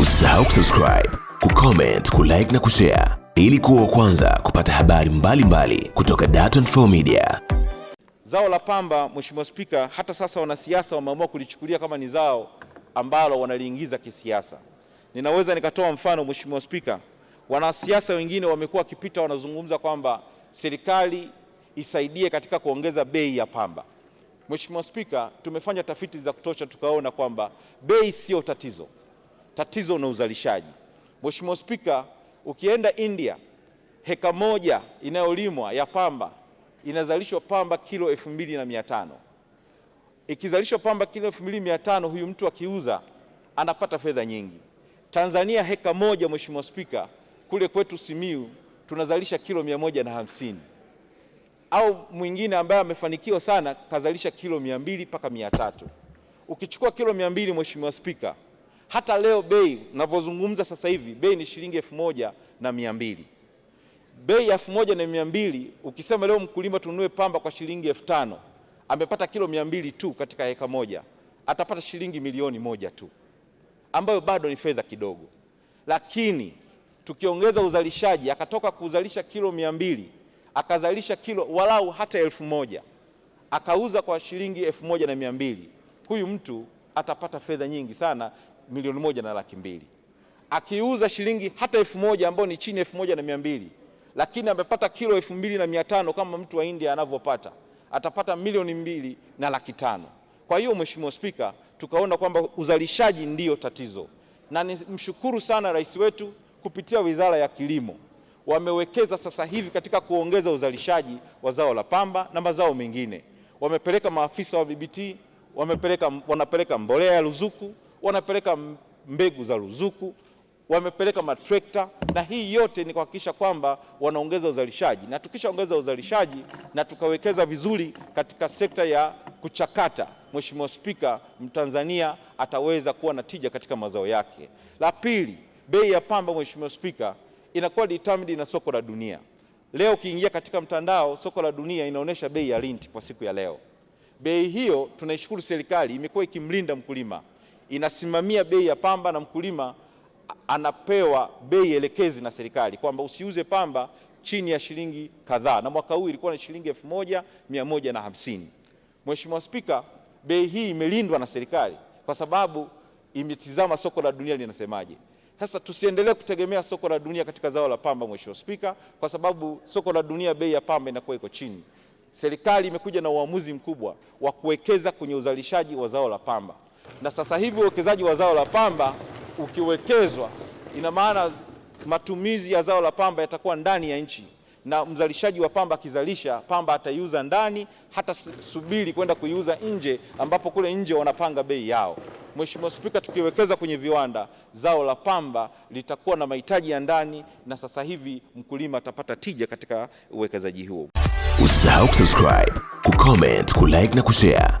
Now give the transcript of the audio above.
Usisahau kusubscribe, kucomment, kulike na kushare ili kuwa kwanza kupata habari mbalimbali mbali kutoka Dar24 Media. Zao la pamba, Mheshimiwa Spika, hata sasa wanasiasa wameamua kulichukulia kama ni zao ambalo wanaliingiza kisiasa. Ninaweza nikatoa mfano Mheshimiwa Spika, wanasiasa wengine wamekuwa wakipita wanazungumza kwamba serikali isaidie katika kuongeza bei ya pamba. Mheshimiwa Spika, tumefanya tafiti za kutosha tukaona kwamba bei sio tatizo tatizo na uzalishaji. Mheshimiwa Spika, ukienda India heka moja inayolimwa ya pamba inazalishwa pamba kilo elfu mbili na mia tano. Ikizalishwa pamba kilo elfu mbili mia tano, huyu mtu akiuza anapata fedha nyingi. Tanzania heka moja, Mheshimiwa Spika, kule kwetu Simiu tunazalisha kilo mia moja na hamsini au mwingine ambaye amefanikiwa sana kazalisha kilo mia mbili mpaka mia tatu. Ukichukua kilo mia mbili Mheshimiwa Spika hata leo bei navyozungumza sasa hivi bei ni shilingi elfu moja na mia mbili bei ya elfu moja na mia mbili ukisema leo mkulima tununue pamba kwa shilingi elfu tano amepata kilo mia mbili tu katika eka moja, atapata shilingi milioni moja tu ambayo bado ni fedha kidogo, lakini tukiongeza uzalishaji akatoka kuzalisha kilo mia mbili akazalisha kilo walau hata elfu moja akauza kwa shilingi elfu moja na mia mbili huyu mtu atapata fedha nyingi sana milioni moja na laki mbili akiuza shilingi hata elfu moja ambayo ni chini elfu moja na mia mbili lakini amepata kilo elfu mbili na mia tano kama mtu wa India anavyopata atapata milioni mbili na laki tano. Kwa hiyo Mheshimiwa Spika, tukaona kwamba uzalishaji ndiyo tatizo, na nimshukuru sana rais wetu kupitia Wizara ya Kilimo wamewekeza sasa hivi katika kuongeza uzalishaji wa zao la pamba na mazao mengine. Wamepeleka maafisa wa BBT, wamepeleka wanapeleka mbolea ya ruzuku wanapeleka mbegu za ruzuku, wamepeleka matrekta, na hii yote ni kuhakikisha kwamba wanaongeza uzalishaji, na tukishaongeza uzalishaji na tukawekeza vizuri katika sekta ya kuchakata, Mheshimiwa Spika, Mtanzania ataweza kuwa na tija katika mazao yake. La pili, bei ya pamba, Mheshimiwa Spika, inakuwa determined na soko la dunia. Leo ukiingia katika mtandao, soko la dunia inaonyesha bei ya linti kwa siku ya leo. Bei hiyo tunaishukuru serikali, imekuwa ikimlinda mkulima inasimamia bei ya pamba na mkulima anapewa bei elekezi na serikali kwamba usiuze pamba chini ya shilingi kadhaa, na mwaka huu ilikuwa ni shilingi elfu moja mia moja na hamsini. Mheshimiwa Spika, bei hii imelindwa na serikali kwa sababu imetizama soko la dunia linasemaje. Sasa tusiendelee kutegemea soko la dunia katika zao la pamba, Mheshimiwa Spika, kwa sababu soko la dunia bei ya pamba inakuwa iko chini. Serikali imekuja na uamuzi mkubwa wa kuwekeza kwenye uzalishaji wa zao la pamba na sasa hivi uwekezaji wa zao la pamba ukiwekezwa, ina maana matumizi ya zao la pamba yatakuwa ndani ya nchi na mzalishaji wa pamba akizalisha pamba ataiuza ndani, hata subiri kwenda kuiuza nje, ambapo kule nje wanapanga bei yao. Mheshimiwa Spika, tukiwekeza kwenye viwanda, zao la pamba litakuwa na mahitaji ya ndani, na sasa hivi mkulima atapata tija katika uwekezaji huo. Usisahau kusubscribe, kucomment, kulike na kushare